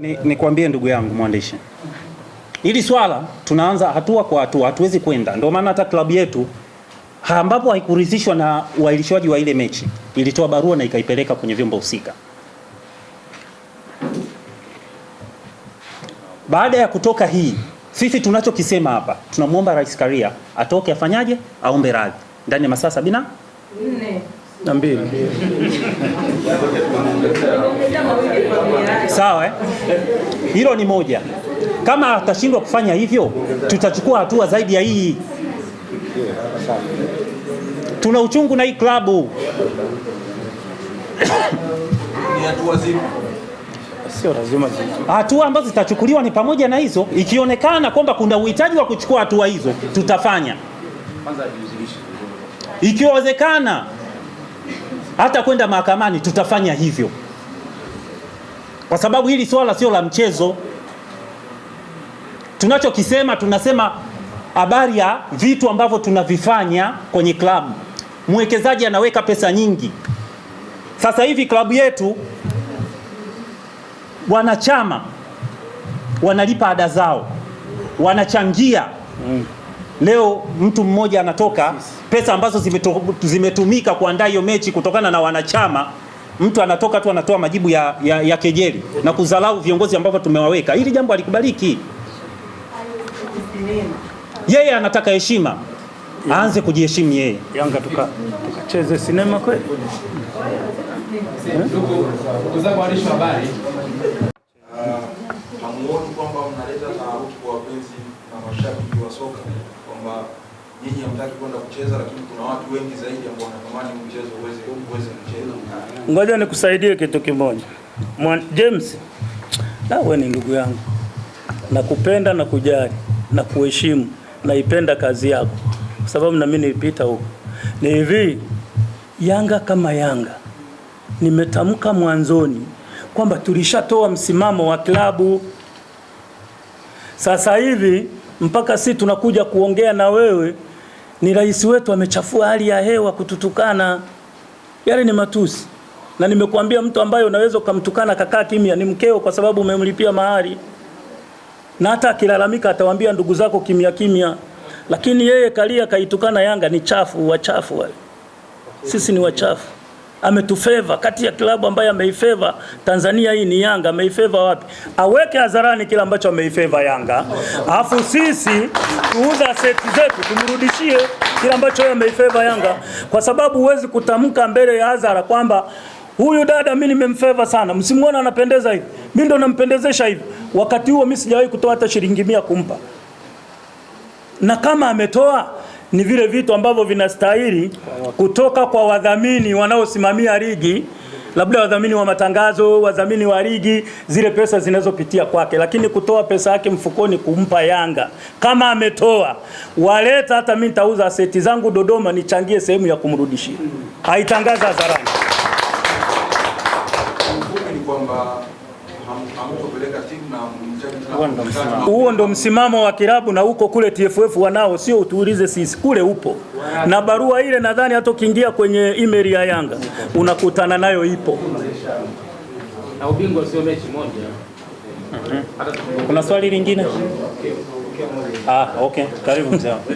Ni, ni, ni ndugu yangu mwandishi, hili swala tunaanza hatua kwa hatua, hatuwezi kwenda. Ndio maana hata klabu yetu ambapo haikuridhishwa na uahirishaji wa ile mechi ilitoa barua na ikaipeleka kwenye vyombo husika. Baada ya kutoka hii, sisi tunachokisema hapa, tunamwomba Rais Karia atoke, afanyaje, aombe radhi ndani ya masaa sabini na mbili Sawa eh? Hilo ni moja. Kama atashindwa kufanya hivyo, tutachukua hatua zaidi ya hii. Tuna uchungu na hii klabu hatua ambazo zitachukuliwa ni pamoja na hizo. Ikionekana kwamba kuna uhitaji wa kuchukua hatua hizo, tutafanya. Ikiwezekana hata kwenda mahakamani, tutafanya hivyo kwa sababu hili swala sio la mchezo. Tunachokisema, tunasema habari ya vitu ambavyo tunavifanya kwenye klabu. Mwekezaji anaweka pesa nyingi. Sasa hivi klabu yetu wanachama wanalipa ada zao, wanachangia Leo mtu mmoja anatoka pesa ambazo zimetumika kuandaa hiyo mechi kutokana na wanachama mtu anatoka tu anatoa majibu ya, ya, ya kejeli na kudharau viongozi ambao tumewaweka. Hili jambo alikubaliki. Yeye anataka heshima, aanze kujiheshimu yeye. Yanga tukacheze tuka sinema kweli eh? hamuoni kwamba mnaleta taharuki kwa wapenzi na mashabiki wa soka kwamba nyinyi hamtaki kwenda kucheza, lakini kuna watu wengi zaidi ambao wanatamani mchezo uweze uweze Ngoja nikusaidie kitu kimoja. James, nawe ni ndugu yangu, nakupenda na kujali na kuheshimu, naipenda kazi yako kwa sababu nami nilipita huko. Ni hivi, Yanga kama Yanga, nimetamka mwanzoni kwamba tulishatoa msimamo wa klabu. Sasa hivi mpaka si tunakuja kuongea na wewe, ni rais wetu amechafua hali ya hewa kututukana, yale ni matusi na nimekuambia mtu ambaye unaweza ukamtukana kakaa kimya ni mkeo, kwa sababu umemlipia mahari, na hata akilalamika atawaambia ndugu zako kimya kimya, lakini yeye kalia kaitukana Yanga. Ni chafu, wachafu wale, sisi ni wachafu. Ametufeva kati ya klabu ambayo ameifeva Tanzania hii ni Yanga. Ameifeva wapi? Aweke hadharani kile ambacho ameifeva Yanga, alafu sisi tuuza seti zetu tumrudishie kile ambacho yeye ameifeva Yanga, kwa sababu huwezi kutamka mbele ya hadhara kwamba huyu dada mimi nimemfeva sana, msimuone anapendeza hivi, mimi ndo nampendezesha hivi. Wakati huo mimi sijawahi kutoa hata shilingi mia kumpa, na kama ametoa ni vile vitu ambavyo vinastahili kutoka kwa wadhamini wanaosimamia ligi, labda wadhamini wa matangazo, wadhamini wa ligi, zile pesa zinazopitia kwake. Lakini kutoa pesa yake mfukoni kumpa Yanga, kama ametoa waleta, hata mimi nitauza seti zangu Dodoma nichangie sehemu ya kumrudishia, haitangaza hadharani huo ndo msimamo wa kilabu na huko kule TFF wanao, sio utuulize sisi, kule upo na barua ile. Nadhani hata ukiingia kwenye email ya Yanga unakutana nayo, ipo na ubingwa sio mechi moja. Mhm. Kuna swali lingine? Ah, okay, karibu mzee.